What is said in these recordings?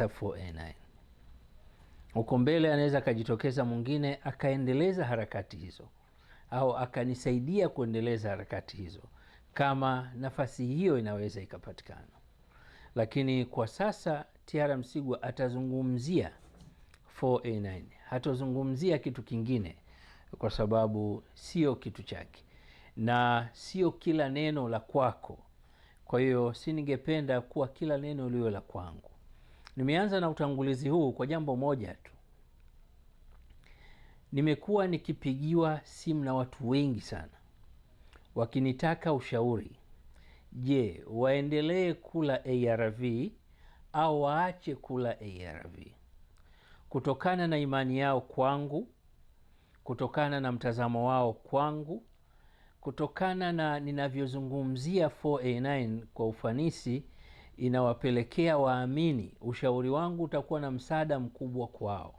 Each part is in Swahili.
4a9 huko mbele anaweza akajitokeza mwingine akaendeleza harakati hizo au akanisaidia kuendeleza harakati hizo, kama nafasi hiyo inaweza ikapatikana. Lakini kwa sasa T.R. Msigwa atazungumzia 4a9, hatazungumzia kitu kingine, kwa sababu sio kitu chake na sio kila neno la kwako. Kwa hiyo si ningependa kuwa kila neno liwe la kwangu. Nimeanza na utangulizi huu kwa jambo moja tu. Nimekuwa nikipigiwa simu na watu wengi sana wakinitaka ushauri. Je, waendelee kula ARV au waache kula ARV? Kutokana na imani yao kwangu, kutokana na mtazamo wao kwangu, kutokana na ninavyozungumzia 4A9 kwa ufanisi inawapelekea waamini, ushauri wangu utakuwa na msaada mkubwa kwao.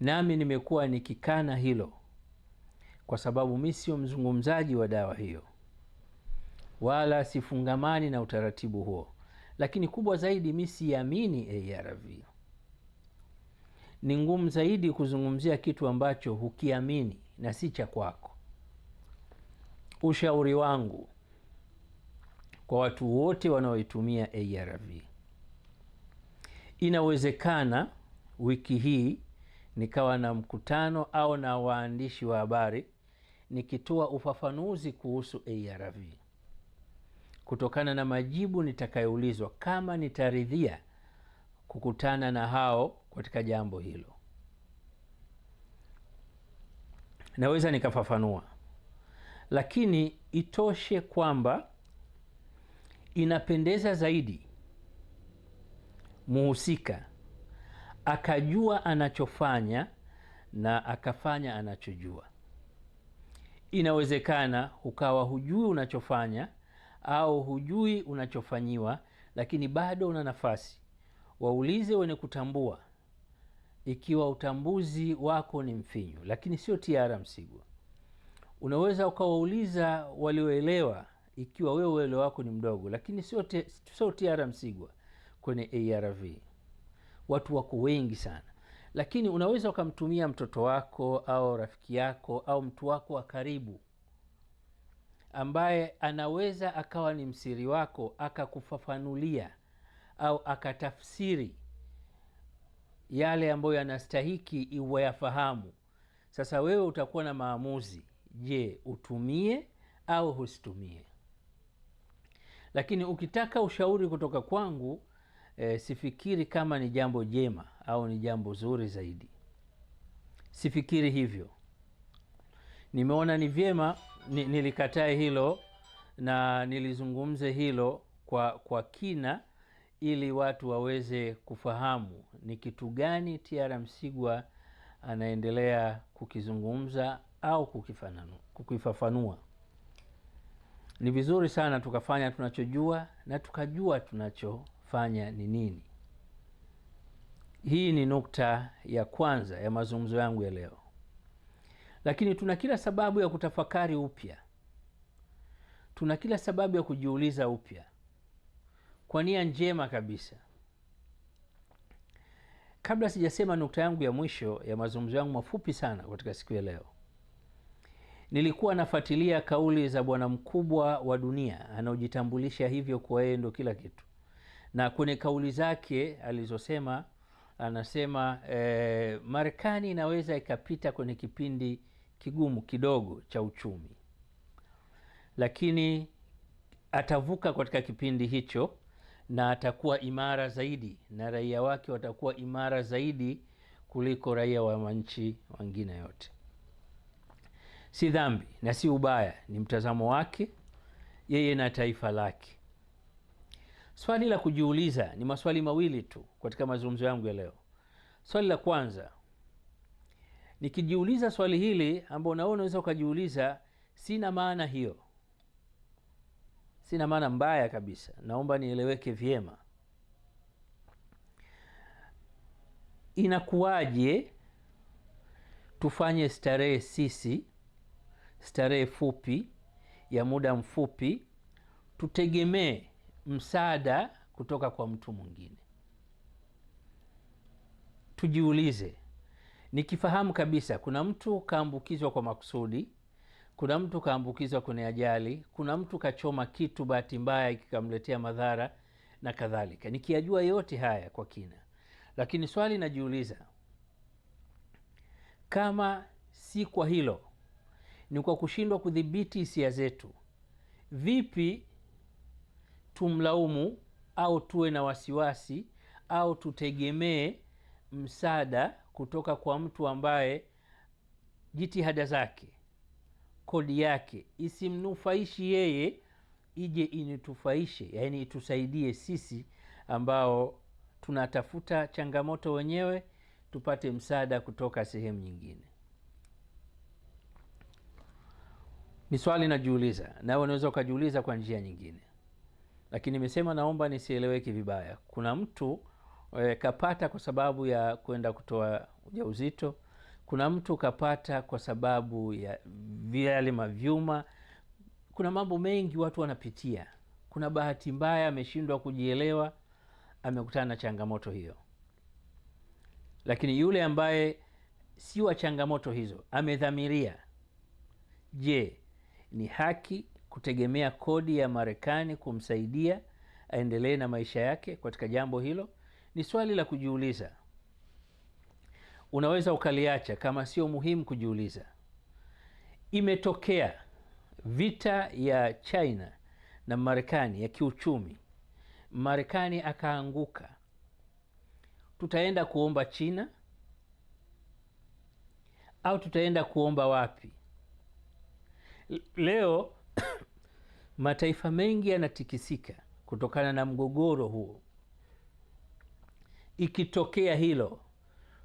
Nami nimekuwa nikikana hilo kwa sababu mi sio mzungumzaji wa dawa hiyo wala sifungamani na utaratibu huo, lakini kubwa zaidi mi siamini ARV. Ni ngumu zaidi kuzungumzia kitu ambacho hukiamini na si cha kwako. Ushauri wangu kwa watu wote wanaoitumia ARV. Inawezekana wiki hii nikawa na mkutano au na waandishi wa habari nikitoa ufafanuzi kuhusu ARV kutokana na majibu nitakayoulizwa, kama nitaridhia kukutana na hao katika jambo hilo, naweza nikafafanua, lakini itoshe kwamba inapendeza zaidi muhusika akajua anachofanya na akafanya anachojua. Inawezekana ukawa hujui unachofanya au hujui unachofanyiwa, lakini bado una nafasi. Waulize wenye kutambua ikiwa utambuzi wako ni mfinyu, lakini sio tiara msigwa. Unaweza ukawauliza walioelewa ikiwa wewe uelewa wako ni mdogo, lakini sio sio TR Msigwa kwenye ARV watu wako wengi sana, lakini unaweza ukamtumia mtoto wako au rafiki yako au mtu wako wa karibu ambaye anaweza akawa ni msiri wako akakufafanulia au akatafsiri yale ambayo yanastahiki iwayafahamu. Sasa wewe utakuwa na maamuzi, je, utumie au usitumie? Lakini ukitaka ushauri kutoka kwangu e, sifikiri kama ni jambo jema au ni jambo zuri zaidi, sifikiri hivyo. Nimeona ni vyema ni, nilikatae hilo na nilizungumze hilo kwa, kwa kina ili watu waweze kufahamu ni kitu gani T.R. Msigwa anaendelea kukizungumza au kukifafanua. Ni vizuri sana tukafanya tunachojua na tukajua tunachofanya ni nini. Hii ni nukta ya kwanza ya mazungumzo yangu ya leo. Lakini tuna kila sababu ya kutafakari upya, tuna kila sababu ya kujiuliza upya kwa nia njema kabisa. Kabla sijasema nukta yangu ya mwisho ya mazungumzo yangu mafupi sana katika siku ya leo, Nilikuwa nafuatilia kauli za bwana mkubwa wa dunia anaojitambulisha hivyo kuwa yeye ndo kila kitu, na kwenye kauli zake alizosema anasema eh, Marekani inaweza ikapita kwenye kipindi kigumu kidogo cha uchumi, lakini atavuka katika kipindi hicho na atakuwa imara zaidi na raia wake watakuwa imara zaidi kuliko raia wa manchi wengine yote si dhambi na si ubaya, ni mtazamo wake yeye na taifa lake. Swali la kujiuliza ni maswali mawili tu katika mazungumzo yangu ya leo. Swali la kwanza, nikijiuliza swali hili ambao nawe unaweza ukajiuliza, sina maana hiyo, sina maana mbaya kabisa, naomba nieleweke vyema. Inakuwaje tufanye starehe sisi starehe fupi ya muda mfupi, tutegemee msaada kutoka kwa mtu mwingine. Tujiulize, nikifahamu kabisa kuna mtu kaambukizwa kwa makusudi, kuna mtu kaambukizwa kwenye ajali, kuna mtu kachoma kitu bahati mbaya kikamletea madhara na kadhalika, nikiyajua yote haya kwa kina, lakini swali najiuliza, kama si kwa hilo ni kwa kushindwa kudhibiti hisia zetu. Vipi tumlaumu au tuwe na wasiwasi au tutegemee msaada kutoka kwa mtu ambaye jitihada zake, kodi yake isimnufaishi yeye, ije initufaishe, yaani itusaidie sisi ambao tunatafuta changamoto wenyewe, tupate msaada kutoka sehemu nyingine. ni swali najiuliza, nawe unaweza ukajiuliza kwa njia nyingine, lakini nimesema, naomba nisieleweke vibaya. Kuna mtu e, kapata kwa sababu ya kwenda kutoa ujauzito. Kuna mtu kapata kwa sababu ya yale mavyuma. Kuna mambo mengi watu wanapitia. Kuna bahati mbaya, ameshindwa kujielewa, amekutana na changamoto hiyo. Lakini yule ambaye si wa changamoto hizo, amedhamiria, je, ni haki kutegemea kodi ya Marekani kumsaidia aendelee na maisha yake katika jambo hilo? Ni swali la kujiuliza. Unaweza ukaliacha kama sio muhimu kujiuliza. Imetokea vita ya China na Marekani ya kiuchumi, Marekani akaanguka, tutaenda kuomba China au tutaenda kuomba wapi? Leo mataifa mengi yanatikisika kutokana na mgogoro huo. Ikitokea hilo,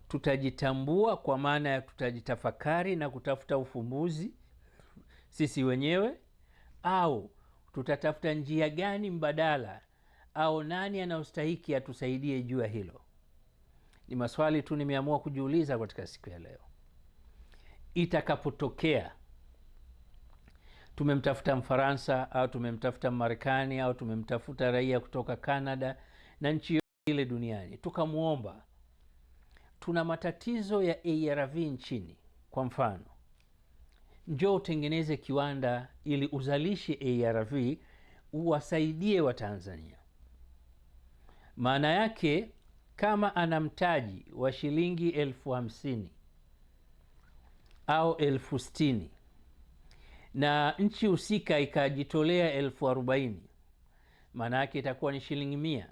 tutajitambua kwa maana ya tutajitafakari na kutafuta ufumbuzi sisi wenyewe, au tutatafuta njia gani mbadala, au nani anayostahiki atusaidie juu ya hilo? Ni maswali tu nimeamua kujiuliza katika siku ya leo. Itakapotokea tumemtafuta Mfaransa au tumemtafuta Marekani au tumemtafuta raia kutoka Canada na nchi ile duniani, tukamwomba tuna matatizo ya ARV nchini, kwa mfano, njo utengeneze kiwanda ili uzalishe ARV uwasaidie Watanzania. Maana yake kama ana mtaji wa shilingi elfu hamsini au elfu stini na nchi husika ikajitolea elfu arobaini maana yake itakuwa ni shilingi mia.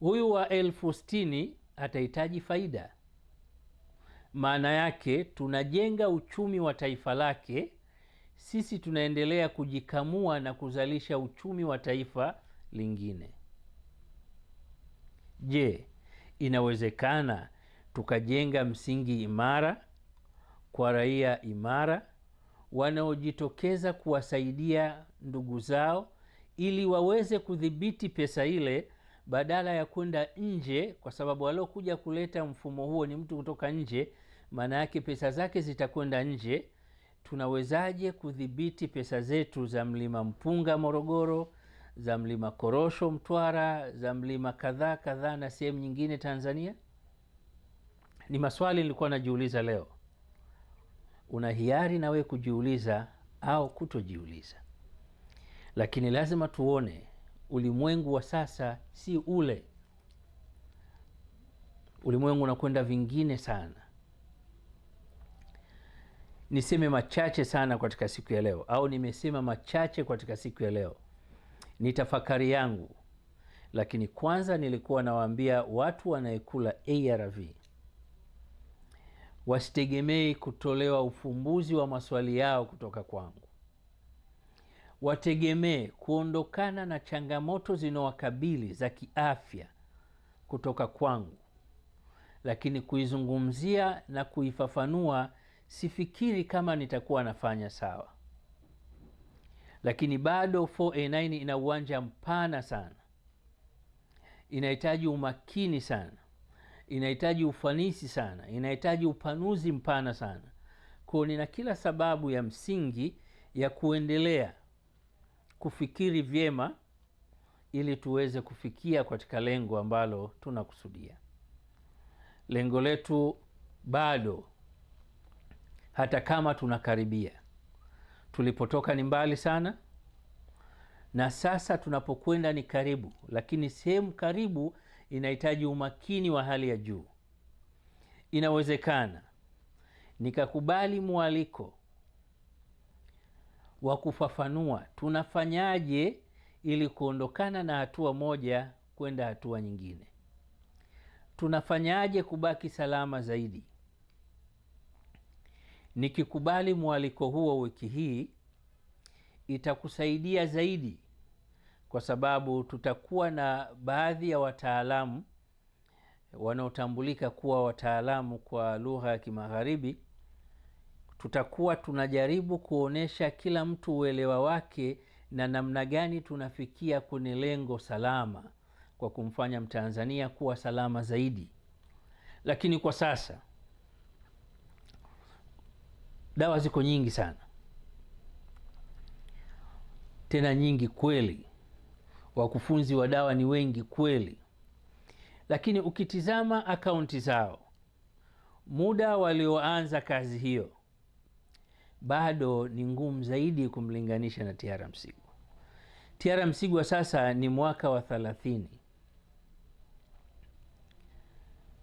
Huyu wa elfu stini atahitaji faida. Maana yake tunajenga uchumi wa taifa lake, sisi tunaendelea kujikamua na kuzalisha uchumi wa taifa lingine. Je, inawezekana tukajenga msingi imara kwa raia imara wanaojitokeza kuwasaidia ndugu zao ili waweze kudhibiti pesa ile badala ya kwenda nje, kwa sababu aliokuja kuleta mfumo huo ni mtu kutoka nje, maana yake pesa zake zitakwenda nje. Tunawezaje kudhibiti pesa zetu za mlima mpunga Morogoro, za mlima korosho Mtwara, za mlima kadhaa kadhaa na sehemu nyingine Tanzania? Ni maswali nilikuwa najiuliza leo una hiari nawe kujiuliza au kutojiuliza, lakini lazima tuone ulimwengu wa sasa si ule ulimwengu, unakwenda vingine sana. Niseme machache sana katika siku ya leo, au nimesema machache katika siku ya leo, ni tafakari yangu. Lakini kwanza nilikuwa nawaambia watu wanayekula ARV wasitegemei kutolewa ufumbuzi wa maswali yao kutoka kwangu. Wategemee kuondokana na changamoto zinawakabili za kiafya kutoka kwangu, lakini kuizungumzia na kuifafanua sifikiri kama nitakuwa nafanya sawa, lakini bado 4A9 ina uwanja mpana sana, inahitaji umakini sana inahitaji ufanisi sana, inahitaji upanuzi mpana sana. Kwa nina kila sababu ya msingi ya kuendelea kufikiri vyema ili tuweze kufikia katika lengo ambalo tunakusudia. Lengo letu bado, hata kama tunakaribia. Tulipotoka ni mbali sana, na sasa tunapokwenda ni karibu, lakini sehemu karibu inahitaji umakini wa hali ya juu. Inawezekana nikakubali mwaliko wa kufafanua tunafanyaje ili kuondokana na hatua moja kwenda hatua nyingine. Tunafanyaje kubaki salama zaidi? Nikikubali mwaliko huo wiki hii itakusaidia zaidi kwa sababu tutakuwa na baadhi ya wataalamu wanaotambulika kuwa wataalamu kwa lugha ya Kimagharibi. Tutakuwa tunajaribu kuonyesha kila mtu uelewa wake na namna gani tunafikia kwenye lengo salama kwa kumfanya Mtanzania kuwa salama zaidi. Lakini kwa sasa dawa ziko nyingi sana, tena nyingi kweli wakufunzi wa dawa ni wengi kweli, lakini ukitizama akaunti zao muda walioanza kazi hiyo bado ni ngumu zaidi kumlinganisha na tiara Msigwa. tiara Msigwa sasa ni mwaka wa thalathini.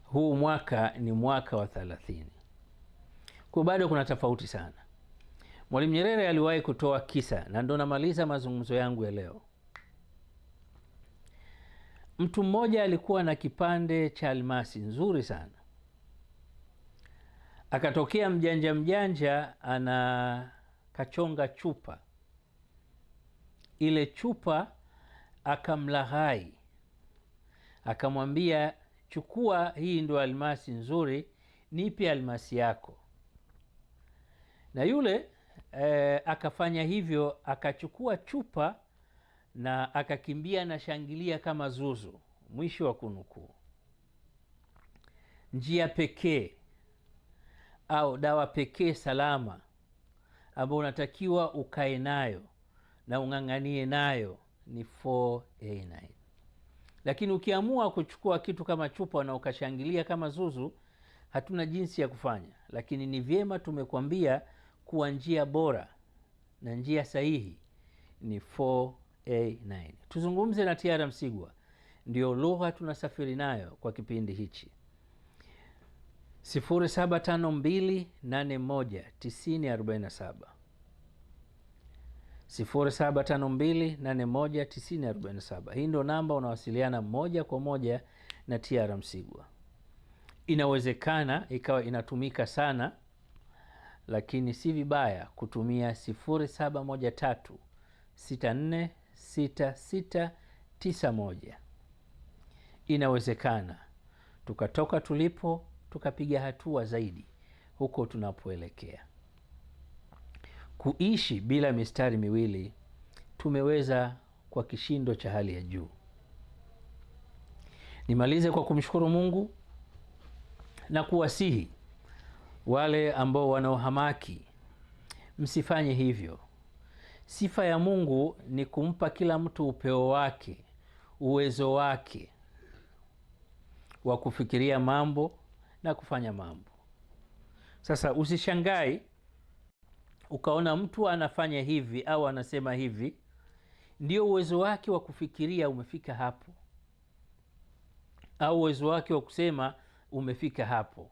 Huu mwaka ni mwaka wa thalathini, kwa bado kuna tofauti sana. Mwalimu Nyerere aliwahi kutoa kisa, na ndo namaliza mazungumzo yangu ya leo. Mtu mmoja alikuwa na kipande cha almasi nzuri sana. Akatokea mjanja mjanja, ana kachonga chupa ile chupa, akamlaghai, akamwambia, chukua hii, ndio almasi nzuri, nipe almasi yako. Na yule eh, akafanya hivyo, akachukua chupa na akakimbia na shangilia kama zuzu. Mwisho wa kunukuu. Njia pekee au dawa pekee salama ambayo unatakiwa ukae nayo na ung'ang'anie nayo ni 4A9. Lakini ukiamua kuchukua kitu kama chupa na ukashangilia kama zuzu, hatuna jinsi ya kufanya. Lakini ni vyema tumekwambia kuwa njia bora na njia sahihi ni 4 A9. Tuzungumze na T.R. Msigwa, ndio lugha tunasafiri nayo kwa kipindi hichi. 0752819047 0752819047. Hii ndio namba unawasiliana moja kwa moja na T.R. Msigwa. Inawezekana ikawa inatumika sana, lakini si vibaya kutumia 0713 64 6691. Inawezekana tukatoka tulipo tukapiga hatua zaidi huko tunapoelekea. Kuishi bila mistari miwili tumeweza kwa kishindo cha hali ya juu. Nimalize kwa kumshukuru Mungu na kuwasihi wale ambao wanaohamaki, msifanye hivyo. Sifa ya Mungu ni kumpa kila mtu upeo wake, uwezo wake wa kufikiria mambo na kufanya mambo. Sasa usishangai ukaona mtu anafanya hivi au anasema hivi, ndio uwezo wake wa kufikiria umefika hapo, au uwezo wake wa kusema umefika hapo.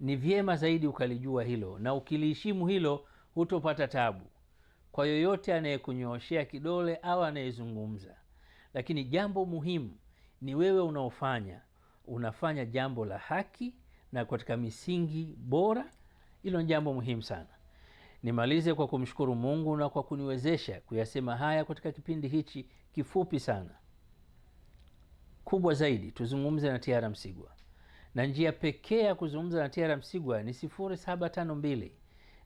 Ni vyema zaidi ukalijua hilo na ukiliheshimu hilo hutopata tabu kwa yoyote anayekunyooshea kidole au anayezungumza, lakini jambo muhimu ni wewe unaofanya, unafanya jambo la haki na katika misingi bora. Hilo ni jambo muhimu sana. Nimalize kwa kumshukuru Mungu na kwa kuniwezesha kuyasema haya katika kipindi hichi kifupi sana. Kubwa zaidi tuzungumze na tiara Msigwa, na njia pekee ya kuzungumza na tiara Msigwa ni 0752